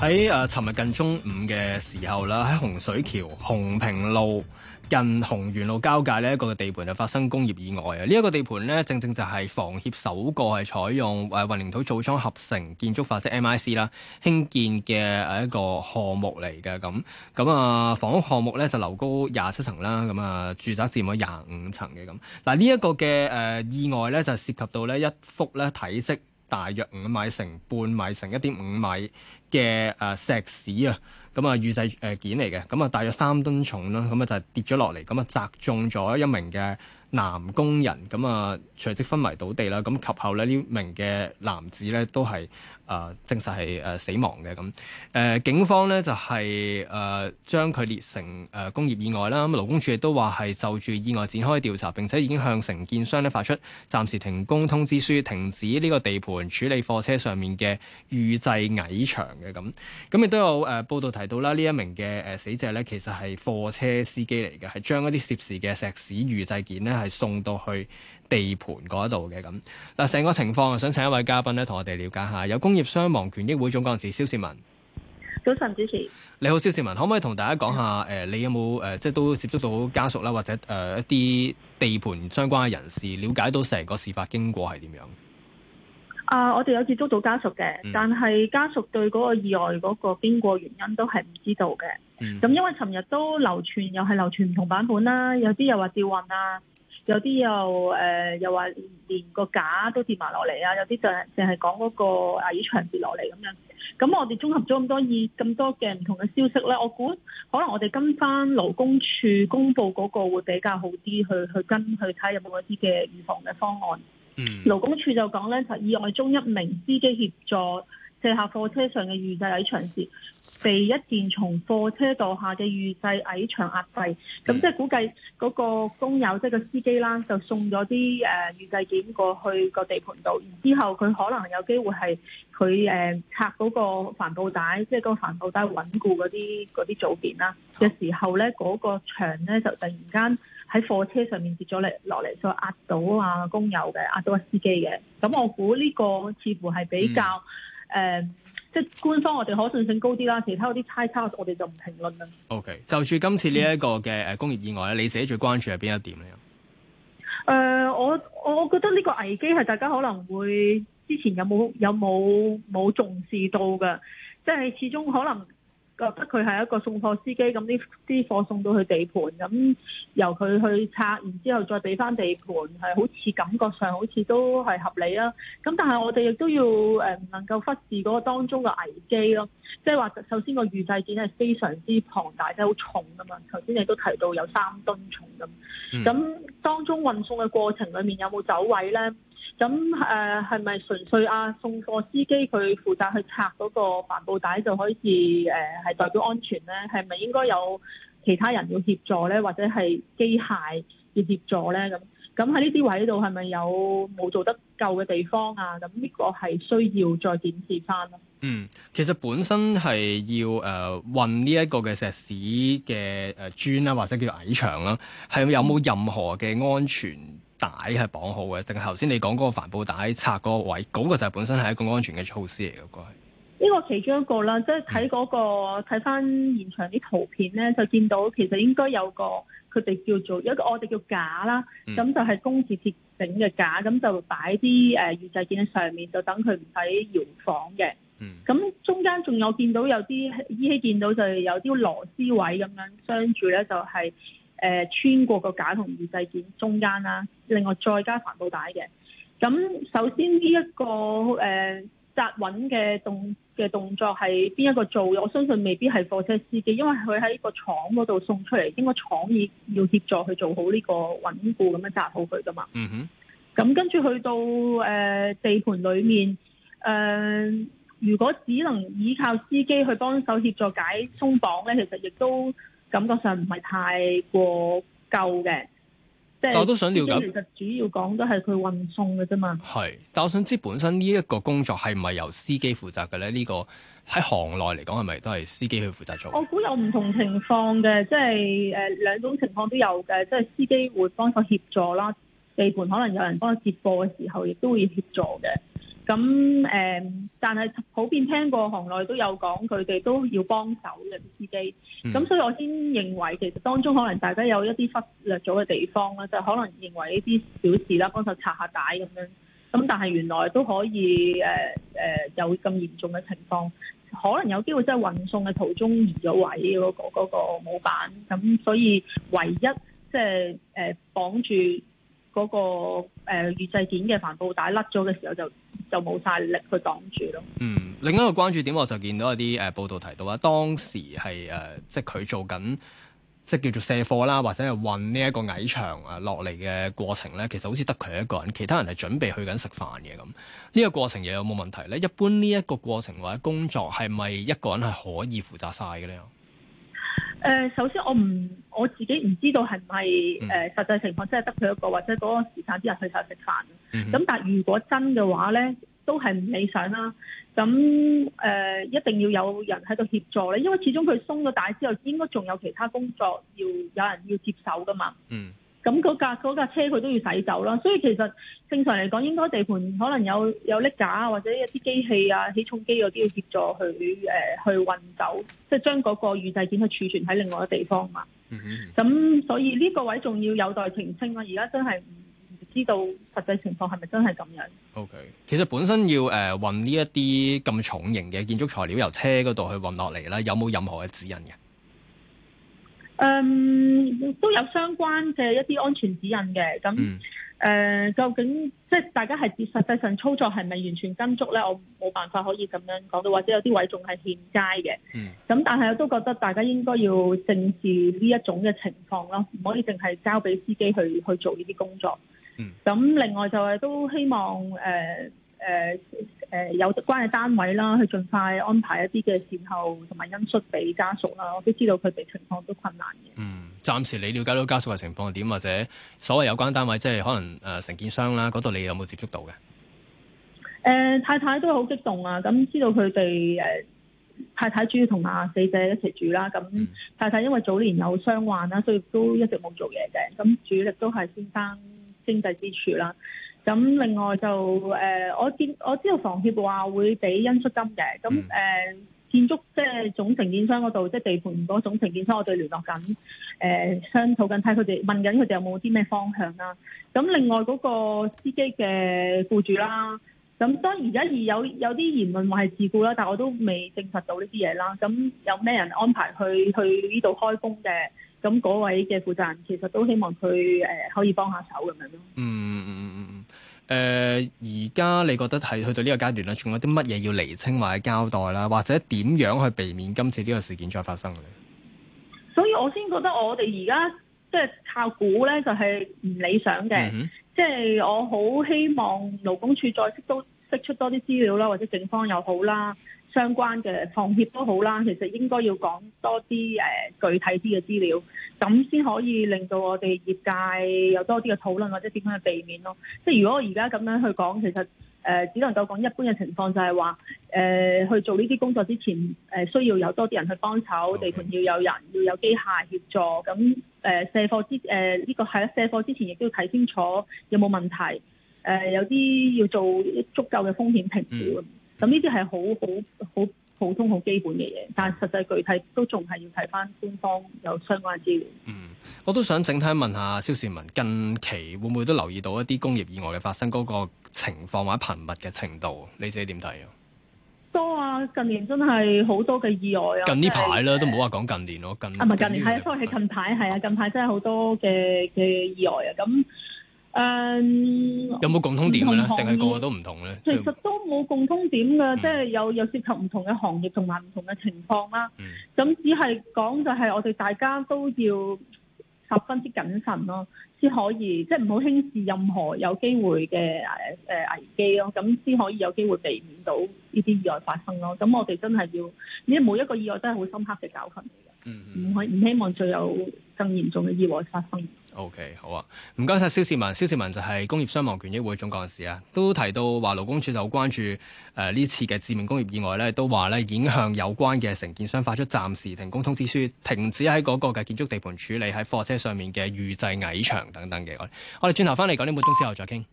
喺誒，尋日近中午嘅時候啦，喺洪水橋洪平路近洪元路交界呢一個地盤就發生工業意外啊！呢、這、一個地盤咧，正正就係房協首個係採用誒混凝土組裝合成建築法即 M I C 啦興建嘅誒一個項目嚟嘅咁。咁啊，房屋項目咧就樓高廿七層啦，咁啊住宅佔咗廿五層嘅咁。嗱，呢、這、一個嘅誒、呃、意外咧就涉及到咧一幅咧體積。大約五米乘半米乘一點五米嘅誒石屎啊，咁啊預製誒件嚟嘅，咁、嗯、啊大約三噸重啦，咁、嗯、啊就跌咗落嚟，咁啊砸中咗一名嘅男工人，咁、嗯、啊隨即昏迷倒地啦，咁、嗯、及後呢，呢名嘅男子呢都係。誒、呃、證實係誒死亡嘅咁，誒、呃、警方呢就係誒將佢列成誒、呃、工業意外啦。咁勞工處亦都話係就住意外展開調查，並且已經向承建商呢發出暫時停工通知書，停止呢個地盤處理貨車上面嘅預製矮牆嘅咁。咁亦都有誒、呃、報道提到啦，呢一名嘅誒死者呢其實係貨車司機嚟嘅，係將一啲涉事嘅石屎預製件呢係送到去地盤嗰度嘅。咁嗱，成個情況想請一位嘉賓咧，同我哋了解下。有工業傷亡權益會總幹事蕭倩文。早晨，主持你好，蕭倩文，可唔可以同大家講下？誒、呃，你有冇誒、呃，即係都接觸到家屬啦，或者誒、呃、一啲地盤相關嘅人士，了解到成個事發經過係點樣？啊，我哋有接觸到家屬嘅，嗯、但係家屬對嗰個意外嗰個經過原因都係唔知道嘅。咁、嗯嗯、因為尋日都流傳，又係流傳唔同版本啦，有啲又話吊運啊。有啲又誒、呃，又話連個架都跌埋落嚟啊！有啲就淨係講嗰個矮牆跌落嚟咁樣。咁我哋綜合咗咁多意咁多嘅唔同嘅消息咧，我估可能我哋跟翻勞工處公布嗰個會比較好啲，去去跟去睇有冇一啲嘅預防嘅方案。嗯，勞工處就講咧，就意、是、外中一名司機協助。卸下貨車上嘅預製矮牆時，被一件從貨車墮下嘅預製矮牆壓斃。咁、嗯、即係估計嗰個工友即係、就是、個司機啦，就送咗啲誒預製件過去個地盤度，之後佢可能有機會係佢誒拆嗰個帆布帶，即係嗰個帆布帶穩固嗰啲啲組件啦嘅時候咧，嗰個牆咧就突然間喺貨車上面跌咗嚟落嚟，就壓到啊工友嘅，壓到個司機嘅。咁我估呢個似乎係比較、嗯。誒、嗯，即係官方我哋可信性高啲啦，其他嗰啲猜測我哋就唔評論啦。OK，就住今次呢一個嘅誒工業意外咧，嗯、你自己最關注係邊一點咧？誒、呃，我我覺得呢個危機係大家可能會之前有冇有冇冇重視到噶，即係始終可能。覺得佢係一個送貨司機，咁啲啲貨送到佢地盤，咁由佢去拆，然之後再俾翻地盤，係好似感覺上好似都係合理啦。咁但係我哋亦都要誒唔能夠忽視嗰個當中嘅危機咯。即係話首先個預製件係非常之龐大，即係好重噶嘛。頭先你都提到有三噸重咁，咁當中運送嘅過程裡面有冇走位咧？咁誒係咪純粹啊？送貨司機佢負責去拆嗰個帆布帶就可以誒係、呃、代表安全咧？係咪應該有其他人要協助咧，或者係機械要協助咧？咁咁喺呢啲位度係咪有冇做得夠嘅地方啊？咁呢個係需要再檢視翻咯。嗯，其實本身係要誒、呃、運呢一個嘅石屎嘅誒磚啦，或者叫矮牆啦，係有冇任何嘅安全？帶係綁好嘅，定係頭先你講嗰個帆布帶拆嗰個位，嗰、那個就係本身係一個安全嘅措施嚟嘅，應該。呢個其中一個啦，即係睇嗰個睇翻、嗯、現場啲圖片咧，就見到其實應該有個佢哋叫做有一個我哋叫架啦，咁就係工字鐵整嘅架，咁就擺啲誒預製件喺上面，就等佢唔使搖晃嘅。咁、嗯、中間仲有見到有啲依稀見到就有啲螺絲位咁樣相住咧，就係、是。誒、呃、穿過個架同預製件中間啦，另外再加帆布帶嘅。咁首先呢、這、一個誒、呃、紮穩嘅動嘅動作係邊一個做？我相信未必係貨車司機，因為佢喺個廠嗰度送出嚟，應該廠要要協助去做好呢個穩固咁樣紮好佢噶嘛。嗯咁，哼跟住去到誒、呃、地盤裡面，誒、呃、如果只能依靠司機去幫手協助解鬆綁咧，其實亦都。感覺上唔係太過夠嘅，即係，但我都想了解。其實主要講都係佢運送嘅啫嘛。係，但我想知本身呢一個工作係唔係由司機負責嘅咧？呢個喺行內嚟講係咪都係司機去負責做？我估有唔同情況嘅，即係誒、呃、兩種情況都有嘅，即係司機會幫手協助啦，地盤可能有人幫佢接貨嘅時候，亦都會協助嘅。咁誒、嗯，但係普遍聽過行內都有講，佢哋都要幫手嘅啲司機。咁、嗯、所以我先認為，其實當中可能大家有一啲忽略咗嘅地方咧，就是、可能認為呢啲小事啦，幫手拆下帶咁樣。咁但係原來都可以誒誒、呃呃、有咁嚴重嘅情況，可能有機會即係運送嘅途中移咗位嗰個、那個嗰個模、那個、板。咁所以唯一即係誒綁住嗰、那個誒預、呃、製件嘅帆布帶甩咗嘅時候就。就冇晒力去擋住咯。嗯，另一個關注點，我就見到有啲誒報道提到啊，當時係誒、呃、即係佢做緊即係叫做卸貨啦，或者係運呢一個矮牆啊落嚟嘅過程咧，其實好似得佢一個人，其他人係準備去緊食飯嘅咁。呢、這個過程又有冇問題咧？一般呢一個過程或者工作係咪一個人係可以負責晒嘅呢？誒、呃，首先我唔，我自己唔知道係唔係誒實際情況，即係得佢一個，或者嗰個時間啲人去晒食飯。咁、嗯、哼但係如果真嘅話呢，都係唔理想啦。咁誒、呃，一定要有人喺度協助咧，因為始終佢鬆咗帶之後，應該仲有其他工作要有人要接手㗎嘛。嗯。咁嗰架架車佢都要洗走啦，所以其實正常嚟講，應該地盤可能有有拎架或者一啲機器啊、起重機嗰啲要協助去誒、呃、去運走，即係將嗰個預製件去儲存喺另外一個地方嘛。咁、嗯嗯、所以呢個位仲要有待澄清啊。而家真係唔知道實際情況係咪真係咁樣？OK，其實本身要誒、呃、運呢一啲咁重型嘅建築材料由車嗰度去運落嚟啦，有冇任何嘅指引嘅？嗯，um, 都有相關嘅一啲安全指引嘅，咁誒、mm. 呃，究竟即係大家係實際上操作係咪完全跟足咧？我冇辦法可以咁樣講到，或者有啲位仲係欠佳嘅。嗯，咁但係我都覺得大家應該要正視呢一種嘅情況咯，唔可以淨係交俾司機去去做呢啲工作。嗯、mm.，咁另外就係都希望誒、呃誒誒、呃呃呃，有關嘅單位啦，去盡快安排一啲嘅善後同埋恩恤俾家屬啦。我都知道佢哋情況都困難嘅。嗯，暫時你了解到家屬嘅情況係點？或者所謂有關單位，即係可能誒承建商啦，嗰度你有冇接觸到嘅？誒、呃，太太都好激動啊！咁知道佢哋誒，太太主要同阿四姐一齊住啦。咁太太因為早年有傷患啦，所以都一直冇做嘢嘅。咁主力都係先生經濟支柱啦。咁另外就誒、呃，我見我知道房協話會俾恩恤金嘅，咁誒、呃、建築即係總承建商嗰度，即、就、係、是、地盤嗰種承建商，我哋聯絡緊，誒、呃、商討緊睇佢哋問緊佢哋有冇啲咩方向啦。咁另外嗰個司機嘅雇主啦，咁當然而家而有有啲言論話係事故啦，但我都未證實到呢啲嘢啦。咁有咩人安排去去呢度開工嘅？咁嗰位嘅負責人其實都希望佢誒、呃、可以幫下手咁樣咯。嗯嗯嗯嗯。誒，而家、呃、你覺得係去到呢個階段咧，仲有啲乜嘢要厘清或者交代啦，或者點樣去避免今次呢個事件再發生咧？所以我先覺得我哋而家即係靠估咧，就係、是、唔理想嘅。嗯、哼即係我好希望勞工處再釋出釋出多啲資料啦，或者警方又好啦。相關嘅放協都好啦，其實應該要講多啲誒、呃、具體啲嘅資料，咁先可以令到我哋業界有多啲嘅討論或者點樣去避免咯。即係如果我而家咁樣去講，其實誒、呃、只能夠講一般嘅情況，就係話誒去做呢啲工作之前誒、呃、需要有多啲人去幫手，Okay. 地盤要有人，要有機械協助，咁誒卸貨之誒呢、呃這個係，卸貨之前亦都要睇清楚有冇問題，誒、呃、有啲要做足夠嘅風險評估。Mm. 咁呢啲係好好好普通、好基本嘅嘢，但係實際具體都仲係要睇翻官方有相關資料。嗯，我都想整體問下蕭倩文，近期會唔會都留意到一啲工業意外嘅發生嗰個情況或者頻密嘅程度？你自己點睇啊？多啊！近年真係好多嘅意外啊！近呢排咧都唔好話講近年咯，近啊唔係近年係，因為係近排係啊，近排真係好多嘅嘅意外啊！咁。誒，嗯、有冇共通點嘅咧？定係個個都唔同咧？其實都冇共通點嘅，嗯、即係有有涉及唔同嘅行業同埋唔同嘅情況啦。咁、嗯、只係講就係我哋大家都要十分之謹慎咯，先可以即係唔好輕視任何有機會嘅誒誒危機咯。咁先可以有機會避免到呢啲意外發生咯。咁我哋真係要，呢每一個意外都係好深刻嘅教訓。嗯嗯，唔可唔希望再有更嚴重嘅意外發生。O.K. 好啊，唔該晒。蕭倩文，蕭倩文就係工業傷亡權益會總幹事啊，都提到話勞工處就關注誒呢、呃、次嘅致命工業意外咧，都話咧已經向有關嘅承建商發出暫時停工通知書，停止喺嗰個嘅建築地盤處理喺貨車上面嘅預製矮牆等等嘅。我哋轉頭翻嚟講呢，半個鐘之後再傾。